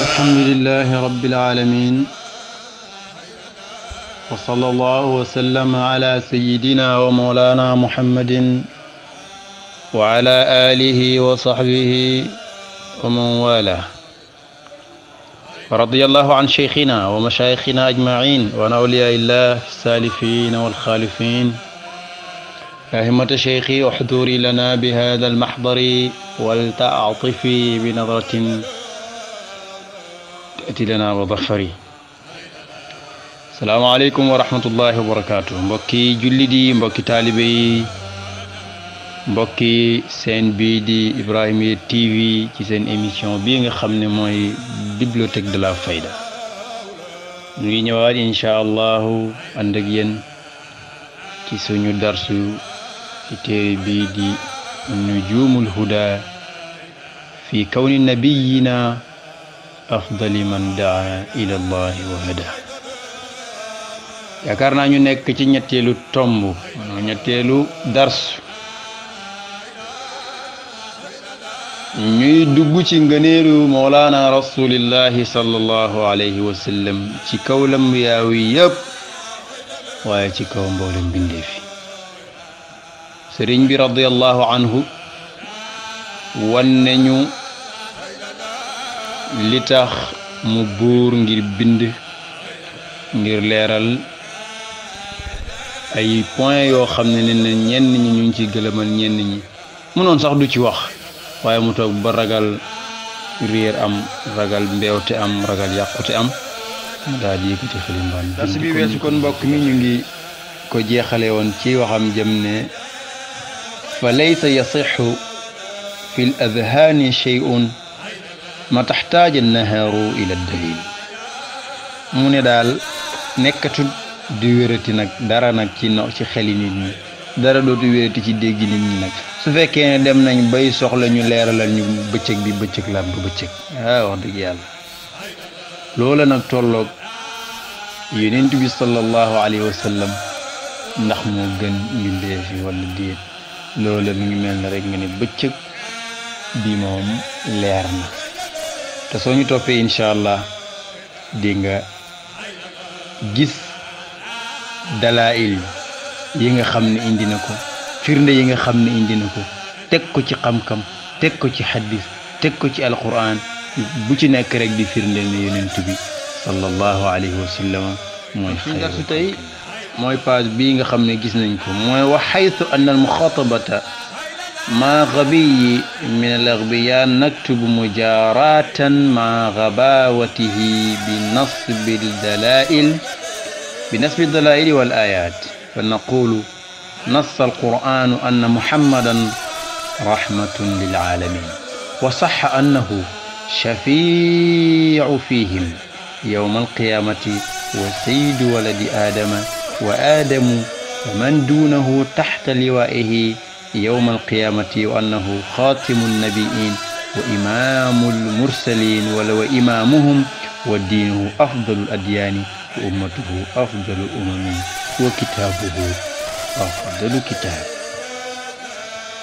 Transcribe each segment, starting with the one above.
الحمد لله رب العالمين وصلى الله وسلم على سيدنا ومولانا محمد وعلى آله وصحبه ومن والاه رضي الله عن شيخنا ومشايخنا أجمعين وعن أولياء الله السالفين والخالفين يا شيخي احضري لنا بهذا المحضر ولتعطفي بنظرة تأتي لنا وظفري السلام عليكم ورحمة الله وبركاته مبكي جلدي مبكي طالبي mbokki seen bii di Ibrahima TV ci seen émission bii nga xam ne mooy bibliothèque de la fayda ñu ngi ñëwaat incha allahu ànd ak yéen ci suñu darsu ci téere bii di nujuumul huda fi kawni nabiyina afdali man daa ila wa hada yaakaar naa ñu nekk ci ñetteelu tomb ñetteelu darsu ñuy dugg ci ngëneelu moolaana rasulillahi sallallahu alayhi wa sallam ci kaw lam yaawi yëpp waaye ci kaw mboolem bindee fi sëriñ bi radiallahu anhu wan nañu li tax mu buur ngir bind ngir leeral ay point yoo xam ne ne ñenn ñi ñu ngi ci gëlëmal ñenn ñi mënoon sax du ci wax waaye mu toog ba ragal réer am ragal mbeewte am ragal yàqute am mu daal di yëkkati xilimbaan dars bi weesu kon mbokk mi ñu ngi ko jeexale woon ci waxam jëm ne fa laysa yasixu fi l adhaani cheyun ma taxtaaj annahaaru ila dalil mu ne daal nekkatu di wérati nag dara nag ci no ci xeli dara dootu wéerati ci dégg nit ñi nag su fekkee ne dem nañ bay soxla ñu leeralal ñu bëccëg bi bëccëg laat bu bëccëg ah wax dëgg yàlla loola nag tolloog yonent bi sallallahu alayhi wa ndax moo gën mbindéef yi wala déet loola mi ngi mel ne rek nga ne bëccëg bi moom leer na te soo ñu toppee incha allah di nga gis dalaa'il yi nga xam ne indi na ko firnde yi nga xam ne indi na ko teg ko ci xam-xam teg ko ci xaddis teg ko ci alquran bu ci nekk rek di firnde ne yonent bi sallallahu alayhi wa sallam mooy xayru tey mooy page bii nga xam ne gis nañ ko mooy wa xaytu an al muxaatabata مع غبي من الأغبياء نكتب مجاراة مع غباوته بنصب الدلائل بنصب الدلائل والآيات فنقول نص القرآن أن محمدا رحمة للعالمين وصح أنه شفيع فيهم يوم القيامة وسيد ولد آدم وآدم ومن دونه تحت لوائه يوم القيامة وأنه خاتم النبيين وإمام المرسلين ولو إمامهم ودينه أفضل الأديان وأمته أفضل الأمم وكتابه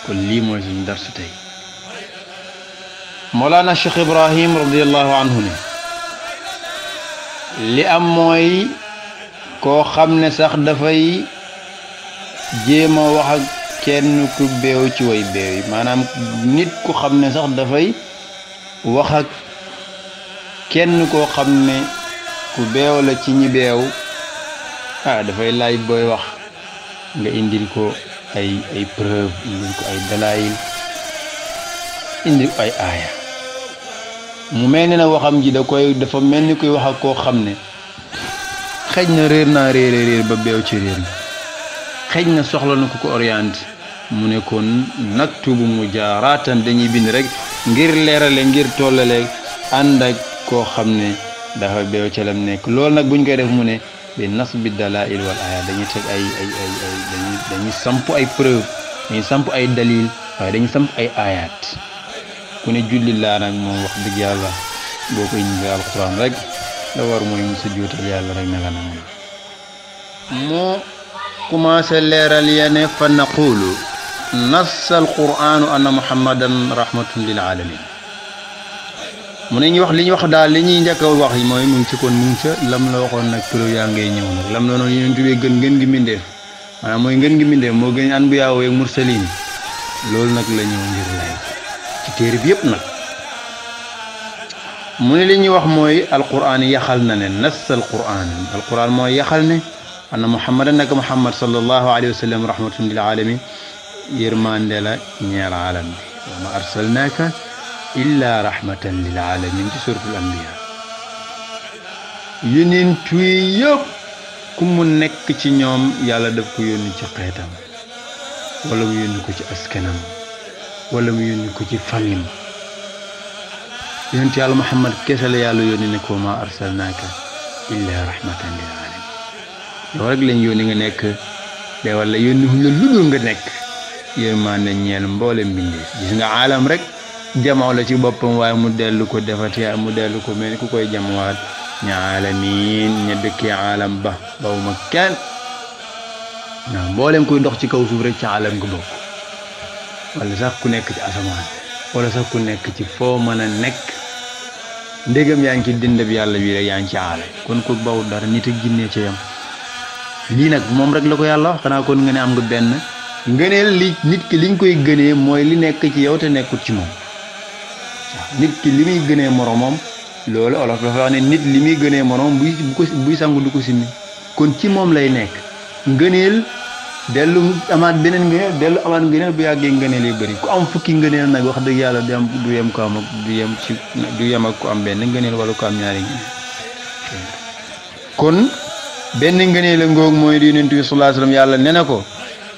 kon oh, lii mooy suñu darsu tey Mawlana Cheikh Ibrahim radiallahu anhu li am mooy koo xam ne sax dafay jéem a wax ak kenn ku beew ci way beew yi maanaam nit ku xam ne sax dafay wax ak kenn koo xam ne ku beew la ci ñi beew ah dafay laay booy wax nga indil ko ay ay preuve indil ko ay dalaayil indil ko ay aaya mu mel ni na waxam ji da koy dafa mel ni kuy wax ak koo xam ne xëj na réer naa réere réer ba beew ci réer na xëj na soxla na ko ko orienté mu ne kon naktubu mu jaaraatan dañuy bind rek ngir leerale ngir tollale ànd ak koo xam ne dafa beew ca lam nekk loolu nag buñ koy def mu ne بالنص بالدلائل والآيات دني تك أي أي أي أي دني دني سامبو أي بروف دني سامبو أي دليل دني سامبو أي آيات كوني جل الله أنا ما وقت دي على بوك إن جاء القرآن رج دوار مو يمسجوا تري على رج نلا نعم مو كما سلر لينا فنقول نص القرآن أن محمدا رحمة للعالمين mu ne ñu wax li ñu wax daal li ñuy njëkk wax yi mooy mu ngi la waxoon nag kuréel yaa ngay la noonu gën ngeen ngi mbindeef maanaam mooy ngeen ngi moo gën bu yaaw ak mursalin loolu nag la bi yëpp nag mu ne li ñuy wax mooy alquran yaxal na ne nas alquran alquran mooy yaxal ne na muhammadan nag muhammad sallallahu alayhi wa sallam rahmatun lil la ñeel alam bi wa illaa rahmatan lil alamin ci suratul anbiya yonent yi ku mu nekk ci ñoom yàlla def ko yónni ci xeetam wala mu yónni ko ci askanam wala mu yónni ko ci famim yonent yàlla muhammad kese yàlla yónni ne ko ma arsalnaaka illaa rahmatan lil alamin yow rek lañ yónni nga nekk de wala yónni wuñ la lu dul nga nekk yërmaande ñeel mboolem mbindeef gis nga aalam rek jamaw la ci boppam waaye mu dellu ko defati mu dellu ko mel ku koy jamawaat ña aalamiin ña dëkkee aalam ba bawuma kenn waaw mboolem kuy dox ci kaw suuf rek ci aalam nga bokk wala sax ku nekk ci asamaan wala sax ku nekk ci foo mën a nekk ndégam yaa ngi ci dindab yàlla bii rek yaa ngi ci aalam kon ku baw dara nit ak jinne ci yam lii nag moom rek la ko yàlla xanaa kon nga ne am nga benn ngëneel li nit ki liñ koy gënee mooy li nekk ci yow te nekkut ci nit ki li muy gënee moromam loolu olof dafa wax ne nit li muy gënee moromam buy bu ko buy sangu du ko simmi kon ci moom lay nekk ngëneel dellu amaat beneen ngëneel dellu amaat ngëneel bu yàggee ngëneel yu bëri ku am fukki ngëneel nag wax dëgg yàlla du am du yem ko am ku am benn ngëneel wala ku am ñaari ngëneel kon benn ngëneel ngoog mooy di yonent bi sallallahu yàlla ne ko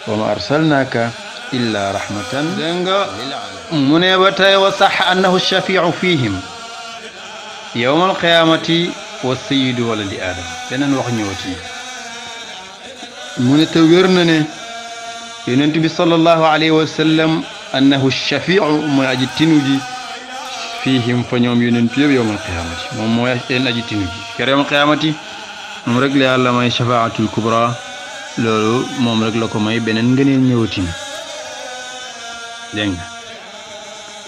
wa ma إلا رحمة من يبتعي وصح أنه الشفيع فيهم يوم القيامة والسيد ولد آدم بنن وخ نيوتي من تورنني ينتبي صلى الله عليه وسلم أنه الشفيع ما أجتنجي fihim fa ñoom yonent yëpp yowmal qiyaamati moom mooy leen aji tinu ji kere yowmal qiyaamati moom rek la yàlla may shafaatul kubra loolu moom rek la ko may beneen ngëneel ñëwatin dégg nga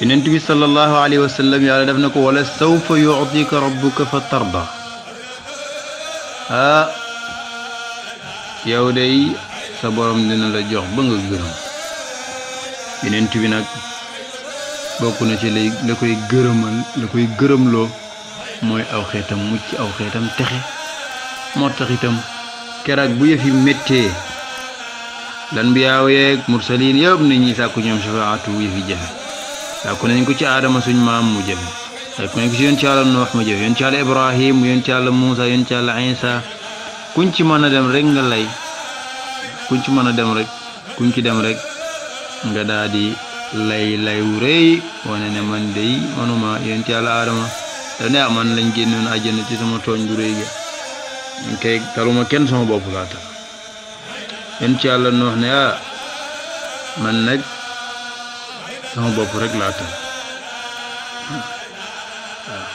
yonent bi sallallahu alayhi wa sallam yàlla def na ko wala sawfa yu'tika rabbuka fa tarda ah yow day sa borom dina la jox ba nga gërëm yonent bi nag bokk na ci lay la koy gërëmal la koy gërëmloo mooy aw xeetam mucc aw xeetam texe moo tax itam keroog bu yëfi méttee lanbiyaaw yeeg mursalin yëpp ya nit ñi sàkku ñoom shafaatu yi fi jafe sàkku nañ ko ci aadama suñ maam mu jafe sàkku nañ ko ci yoon ci yàlla Nuux mu jafe yoon ci Ibrahim yoon ci Musa, Muusa yoon ci Isa kuñ ci mën a dem rek nga lay kuñ ci mën a dem rek kuñ ci dem rek nga daa di lay lay wu rëy wane ne man day manuma yoon ci yàlla aadama da ne man lañ génnoon àjjana ci sama tooñ bu rëy ga kay taluma kenn sama bopp laa tax yonent yàlla noox ne ah man nag sama bopp rek laa tànn waaw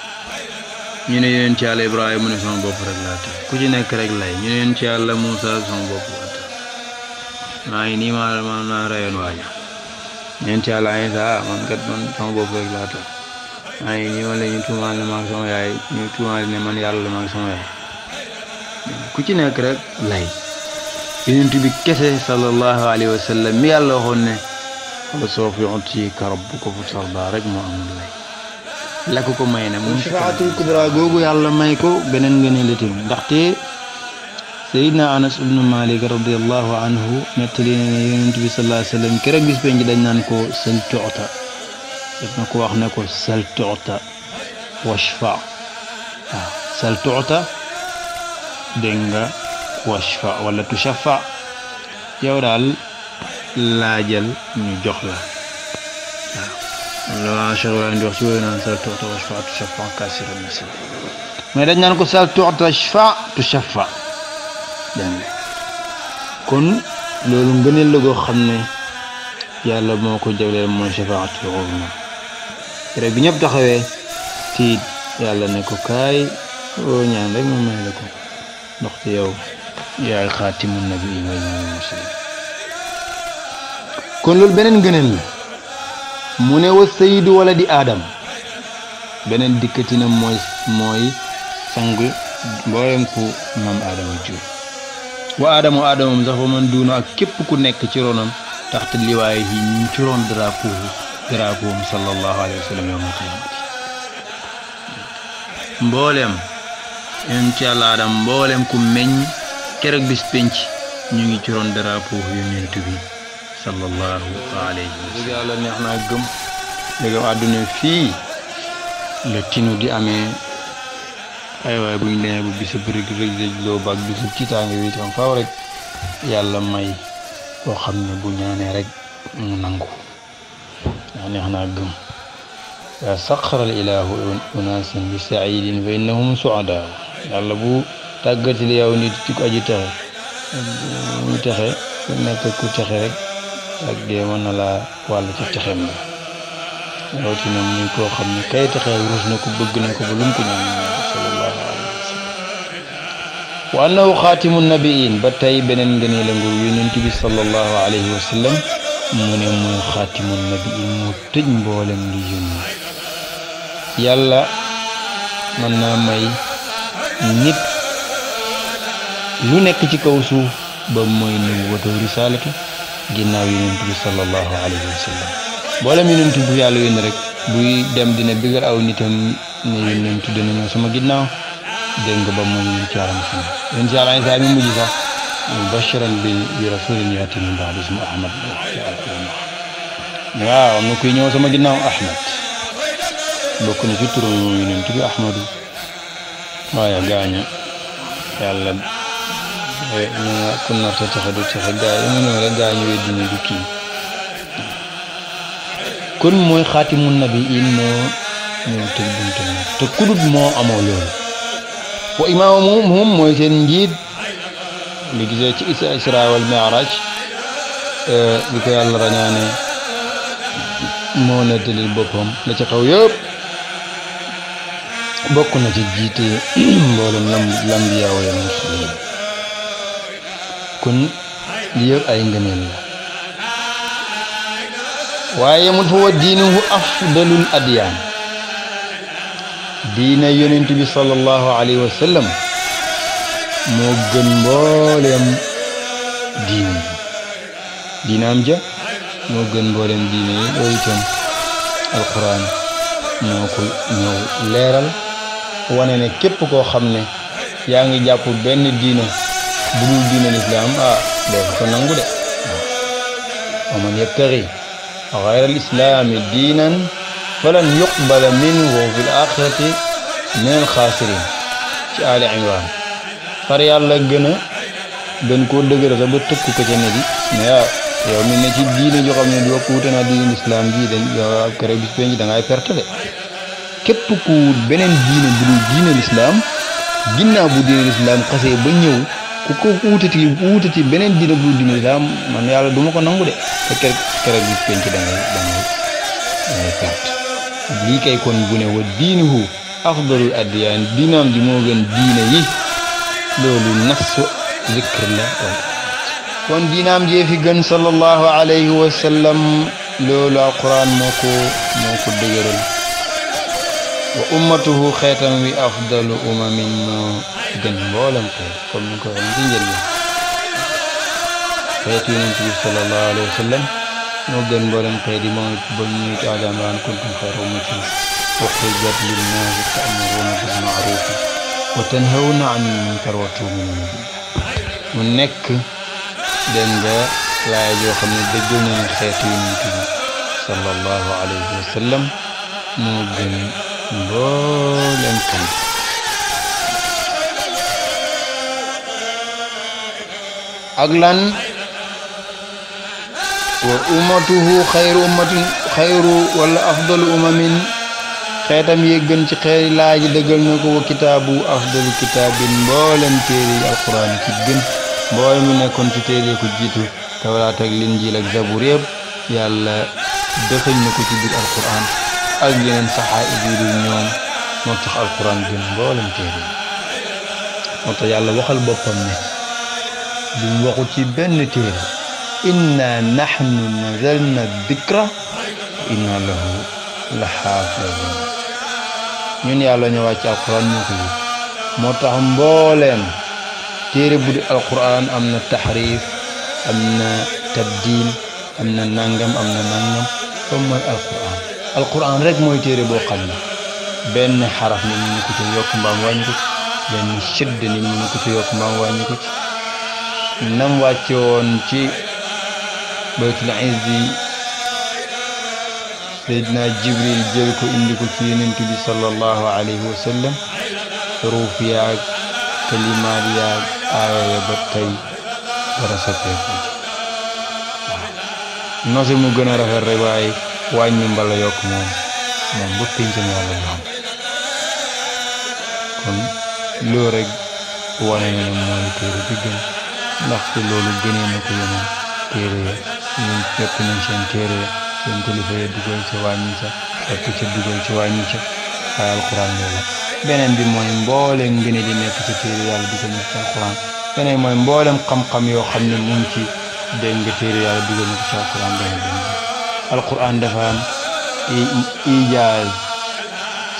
ñu ne yonent yàlla Ibrahima mu ne sama bopp rek laa tànn ku ci nekk rek lay ñu ne yonent yàlla Moussa sama bopp laa tànn maa ngi nii maa maa naa rayoon waaja yonent yàlla Iisaa ah, man kat man sama bopp rek laa tànn maa ngi nii man la ñu tuumaale ma ak sama yaay ñu tuumaale ne man yàlla la ma ak sama yaay ku ci nekk rek lay. yonent bi kese sallallahu alayhi wa sallam mi yàlla waxoon ne wala soo fi uti karab bu ko fu sarda rek moo amul lay la ko ko may na moom shafaatul yàlla may ko beneen nga ne la tamit ndaxte sayidna anas ibnu malik radiallahu anhu nettali na ne yonent bi sallallahu alayhi wa sallam keroog bis penc dañ naan ko sal tuuta def na ko wax ne ko sal washfa wala tushaffa yow daal laajal ñu jox la waaw loolu Cheikh di wax ci wéy sal tuta washfa tushaffa kasira nasi mais dañ naan ko sal tuta shfa tushaffa dégg kon loolu ngëneel la xam ne yàlla moo ko jagleel mooy shafaatul uzma rek bi ñëpp tiit yàlla ne ko kaay oo ñaan rek ma may la ko ndaxte yow yaay xaatimu nabi ngay kon loolu beneen ngëneel la mu ne wa sayidu wala di aadam beneen dikkatina mooy mooy sang mboolem ku maam aadama jur wa aadamu aadamam sax man duunu ak képp ku nekk ci ronam taxte liwaay yi ñu ci ron drapeau drapeau am mboolem yonent yàlla mboolem ku meññ keroog bis penc ñu ngi ci dara drapeau yonent bi sallallahu alayhi wa sallam neex naa gëm ndegam àdduna fii la tinu di amee ay waay bu ñu demee bu bisa bërëg rëg rëg loo baag bisu tiitaange wi itam faaw rek yàlla may koo xam ne bu ñaanee rek mu nangu yaa neex naa gëm yaa saqaral ilaahu unaasan bi saidin fa innahum suada tàggatil yow nit ci ko aji texe mu texe ku nekk ku texe rek na laa wàll ci texem la rawatina muy koo xam ne kay texe ruus na ko bëgg na ko ba lum ko ñaan sallallahu wa sallam wa annahu xaatimu nabiin ba tey beneen ngëne la ngu yonent bi sallallahu alayhi wa mboolem li yónni yàlla mën naa may nit lu nekk ci kaw suuf ba mooy nu wata risalatu ginnaaw yonent bi sallallahu alayhi wa sallam boolem yonent bu yàlla yónni rek buy dem dina bigal aw nitam ne yonent dina ñëw sama ginnaaw dégg nga ba moom ñu ci yàlla musal yéen mujj sax mubashiran bi bi rasulin yaati min ba'di ñëw sama ginnaaw Ahmad bokk na ci turam yonent bi Ahmadu waaye gaañu yàlla. إنما كنا تتحدث دائما ولا داعي يدين بكي kon mooy xaatimu nabi in moo ñëw tëj buntu moom te kudut moo amoo loolu wa imaamu moom mooy seen njiit li gisee ci isra wal mi'raj bi ko yàlla rañaane moo nettali boppam la ci xaw yëpp bokk na ci jiite mboolem lam lambiyaa wala muslim kon li ay ngëneel la waaye mu fa wa diinuhu afdalul adyaan diina yonent bi sallallahu alayhi moo gën mbooleem diin yi diinaam ja moo gën mbooleem diine yi loolu itam alquran moo ko ñëw leeral wane ne képp koo xam ne yaa ngi jàpp benn diina bu dul diine lislaam ah dee ko nangu de wa man yabtagi gayra alislaami diinan falan yuqbala minhu fi l axirati min alxaasirin ci aali imran far yàlla gën a gën koo dëgëra sax ba tëkk ko ca ne ji mais ah yow mi ne ci diine joo xam ne di wax wuute naa diine lislaam ji dañ yow kere bis penc da ngay perte de képp ku beneen diine bu dul diine lislaam ginnaaw bu diine lislaam xasee ba ñëw ku ko wuutati wuutati beneen diina bu dul islaam man yàlla du ko nangu de te kere kere bi penc da ngay da ngay kon bu ne wa diinuhu afdalul addiyaan diinaam ji moo gën diina loolu nafsu zikr kon diinaam jee gën sallallahu alayhi wa sallam loolu alquran moo ko moo ko dëgëral wa ummatuhu xeetam wi afdalu umamin moo dañ mboolem ay comme ni ko waxee ci njël yi xeetu yonent bi sallallahu alayhi wa sallam moo gën mboolem xeet yi moom it ba ñuy ci alam raan kuntum xayra ummatin uxrijat linnaasi ta'muruuna bil ma'ruufi wa tanhawna anil munkar wa tu'minuuna billah mu nekk den nga laay joo xam ne dëggal nañu xeetu yonent bi sallallahu alayhi wa sallam moo gën mboolem xeet أغلان وأمته خير أمة خير ولا أفضل أمم خاتم يغن سي خير لا جي دغال نكو وكتاب أفضل كتاب مولم تيري القرآن كي بن مولم نكون سي تيري كو جيتو تولا تك لنجيل اك زبور يب يالا دخل نكو سي بير القرآن أك يينن صحائف يدي نيوم مو القرآن بن مولم تيري موتا يالا وخال بوبام ني بوقت بنته إنا نحن نزلنا الذكر وإنا له لحافظون ñun yàlla ñu wàcc alquran ñu ko yit moo tax mbooleem téere bu di alquran am na taxrif am na tabdil am na nangam am na nangam comme mooy alquran alquran rek mooy téere boo xam ne benn xaraf ni mu ñu ko ci yokk mbaam wàññi ko ci benn shëdd ni mu ñu ko ci yokk mbaam wàññi ko ci nam wàcce woon ci baytul izzi seydina jibril jël ko indi ko ci yonent bi sallallahu alayhi ruuf yaag kalimaat yaag aaya ba tey dara soppeeku nose mu gën a rafet rek wàññi mbala yokk moom moom ba pincam yàlla ñu loo rek wane ne mooy téere bi gën ndaxte loolu gënee na ko yeneen téere ya ñun fekk nañ seen téere ya seen kilifa ya dugal ca wàññi ca fekk ca dugal ca wàññi ca waaye alquran loola beneen bi mooy mbooleem ngëne di nekk ci téere yàlla dugal na ko ci yoo xam ne mu ngi ci dégg nga téere yàlla dugal na ko ci alquran beneen bi alquran dafa am ijaaz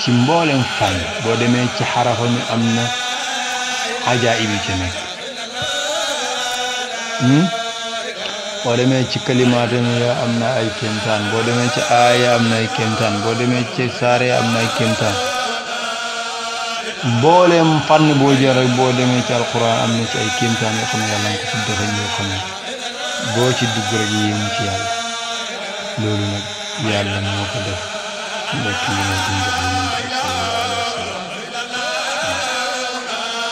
ci mbooleem fànn boo demee ci xarafa ni am na ajaayib yi ci nekk Hmm? boo demee ci kalimatam na ay kéemtaan boo demee ci aaya am na ay kéemtaan boo demee ci saare am na ay kéemtaan booleem fànn boo jël rek boo demee ci alquran am na ci nga ci defe ñoo xam def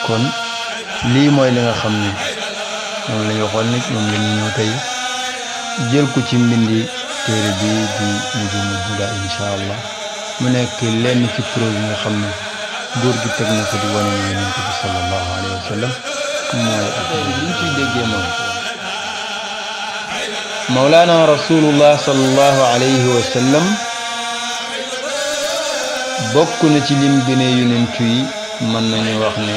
kon lii mooy nga xam ne moom la ñu waxoon ne ci ñu ñëw tey jël ko ci mbindi téere bi di Nujuumul Hudaa incha allah mu nekk lenn ci preuve nga xam ne góor gi teg na ko di wane ne yonent bi sallallahu alayhi wa sallam mooy ak liñ ciy moom mawlaana rasulullah sallallahu alayhi wa bokk na ci lim gënee yonent yi mën nañu wax ni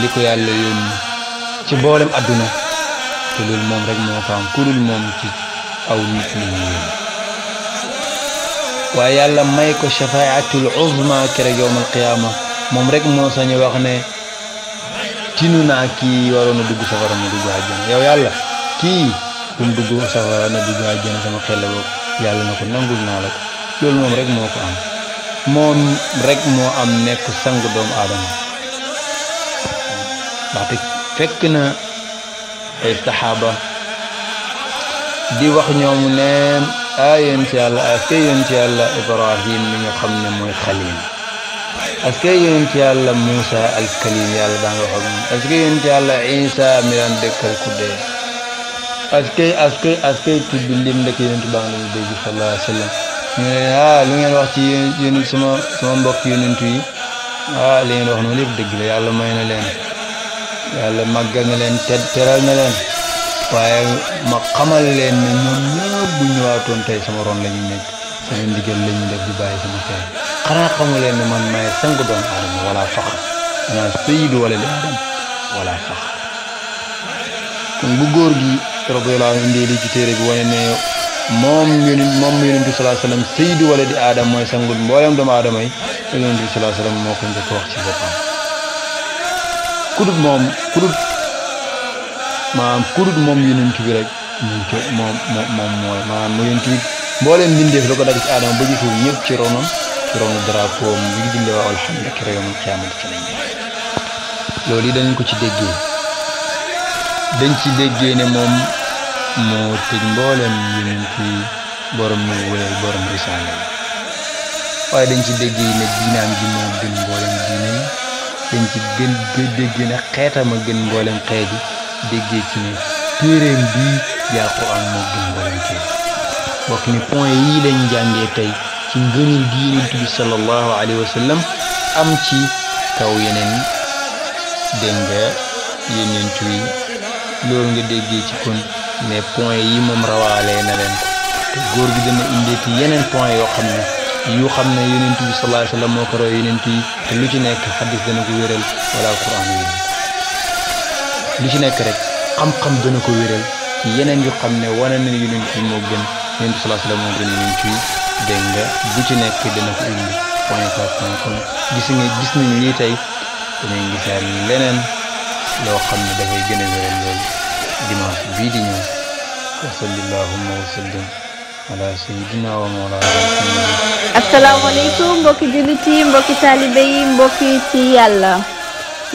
li ko yàlla yónni ci mboolem adduna te loolu moom rek moo ko am kurul moom ci aw nit ñi waaye yàlla may ko shafaatul uzma keroog yowmal qiyaama rek moo sañ wax ne tinu naa kii waroon a dugg safara na dugg àjjana yow yàlla kii bu mu dugg safara na dugg àjjana sama xel boobu yàlla na ko nangul naa la ko loolu moom rek moo ko am moom rek moo am nekk sang doomu aadama ndaxte fekk na ay saxaaba di wax ñoom ne ah yonent yàlla aske yonent yàlla ibrahim xam ne muy xalil aske yonent yàlla muusa al kalim yàlla daan wax ak moom aske yonent yàlla isa mi daan dëkkal ku dee aske aske aske tudd lim ndek yonent baa nga lañu dégg sallallahu wax ci yonent sama mbokk yonent yi ah li yàlla may leen yàlla màggal na leen te teral waaye ma xamal leen ne ñoom ñëpp bu ñëwaatoon tey sama ron la ñu nekk sama la ñu def di man maay sang doon aadama wala fax naa sayid góor gi radiyallahu anhu indee ci téere bi wane ne moom moom yonent bi salaa salaam sayid di aadam mooy sangul mboolem doomu aadama yi yonent bi salaa salaam moo ko wax ci boppam kudut moom kudut maanaam kudut moom yonent bi rek moom ci moom moom mooy maanaam mu yonent bi mbooleem mbindeef la ko dagg ci aadama ba ñu suuf ñëpp ci ronam ci ronu drapeau bi ngi dinde waa alhamdulilah ki réewam xiyaamat ci lañ loolu yi danañ ko ci déggee dañ ci déggee ne moom moo tëj mbooleem yonent yi borom ñu wéyal borom risaala waaye dañ ci déggee ne diinaam gi moo gën mbooleem diine gën ci dégg déggee ne xeetam a gën mboolem xeet yi déggee ci ne téeréem bii di alxuraan moo gën mboolem xeet wax ni point yii lañ jàngee tey ci ngënil gi yonent bi sallallahu alayhi wa sallam am ci kaw yeneen dégg nga yeneen yi loolu nga déggee ci kon mais point yi moom rawaalee na leen ko te góor gi dana indeeti yeneen point yoo xam ne yu xam ne yonent bi sallallahu alayhi wa moo ko roy yonent yi te lu ci nekk xadis dana ko wéral wala alquran wéral lu ci nekk rek xam-xam dana ko wéral ci yeneen yu xam ne wane na yonent yi moo gën yonent bi sallallahu alayhi wa nga bu ci nekk dana ko indi point par point kon gis nga lii tey danañ gisaat leneen loo xam ne dafay gën a wéral loolu dimanche bii di ñëw wa salli allahumma wa sallim ala sayyidina wa mawlana asalaamaaleykum mbokki jullit yi mbokki taalibe yi mbokki ci yàlla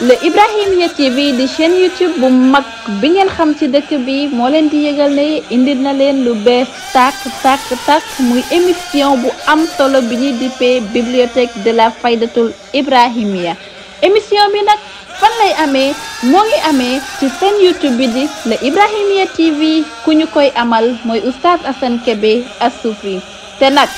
le Ibrahimiya bii di chaîne YouTube bu mag bi ngeen xam ci dëkk bi moo leen di yëgal ne indi na leen lu bees tàkk tàkk tàkk muy émission bu am solo bi ñuy dippee bibliothèque de la faydatul Ibrahimiya émission bi fan lay amee moo ngi amee ci seen youtube bi di la Ibrahimiya TV ku ñu koy amal mooy oustaz Assane Kébé Assoufy te nag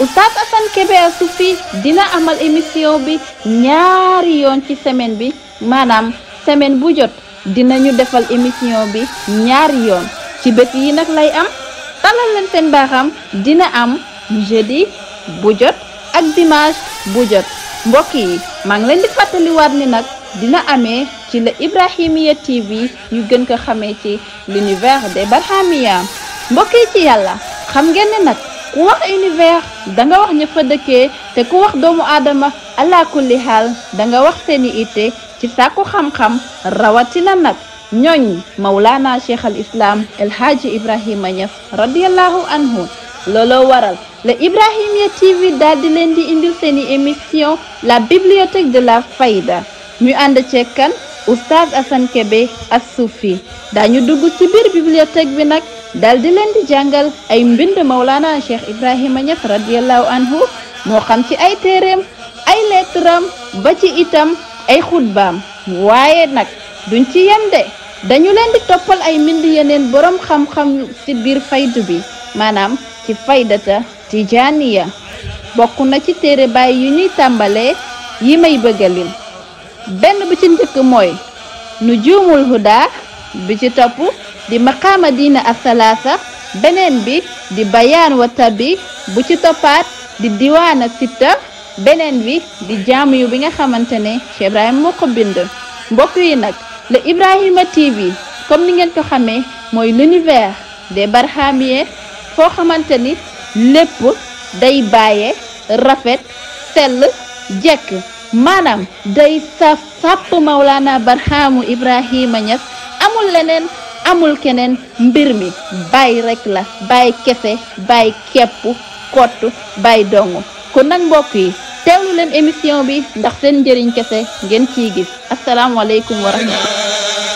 oustaz Assane Kébé Assoufy dina amal émission bi ñaari yoon ci semaine bi maanaam semaine bu jot dinañu defal émission bi ñaari yoon ci bés yi nag lay am talal leen seen baaxam dina am jeudi bu jot ak dimanche bu jot mbokk yi maa leen di fàttaliwaat ni nag dina amee ci la Ibrahimiya TV ñu gën ko xamee ci l'univers des Barhamiya mbokk ci yàlla xam ngeen nag ku wax univers da nga wax ña fa dëkkee te ku wax doomu aadama ala kulli xaal da wax seeni itte ci sàkku xam-xam rawatina nag ñooñ Mawlana Cheikh al Islam El Hadji Ibrahima Niass radiallahu anhu looloo waral la Ibrahimiya TV daal di leen di indil seeni émission la bibliothèque de la Fayda ñu ànd ceeg kan oustaz Assane Kébé as dañu dugg ci biir bi nag dal di leen di jàngal ay mbind Mawlana Cheikh Ibrahima Niass radiallahu anhu moo xam ci ay téereem ay leetaram ba ci itam ay xutbaam waaye nag duñ ci yem de dañu leen di toppal ay mbind yeneen borom xam-xam ci biir faydu bi maanaam ci faydata tijaaniya bokk na ci téere baay yu ñuy tàmbalee yi may bëggalim benn bi ci njëkk mooy nu juumul huda bi ci topp di maqaama diina asalaasa beneen bi di bayaan wa tabi bu ci toppaat di diwaan ak beneen bi di jaamu bi nga xamante ne Cheikh Ibrahima moo ko bind mbokk yi nag la Ibrahima TV comme li ngeen ko xamee mooy l'univers des barhamiens foo xamante ni lépp day bàyyee rafet sell jekk maanaam day saf sàpp Maulana Barhamu Ibrahima Niass amul leneen amul keneen mbir mi bàyyi rek la bàyyi kese bàyyi kepp kott bàyyi dong kon nag mbokk yi teewlu leen émission bi ndax seen njëriñ kese ngeen ciy gis asalaamaaleykum wa rahmatulah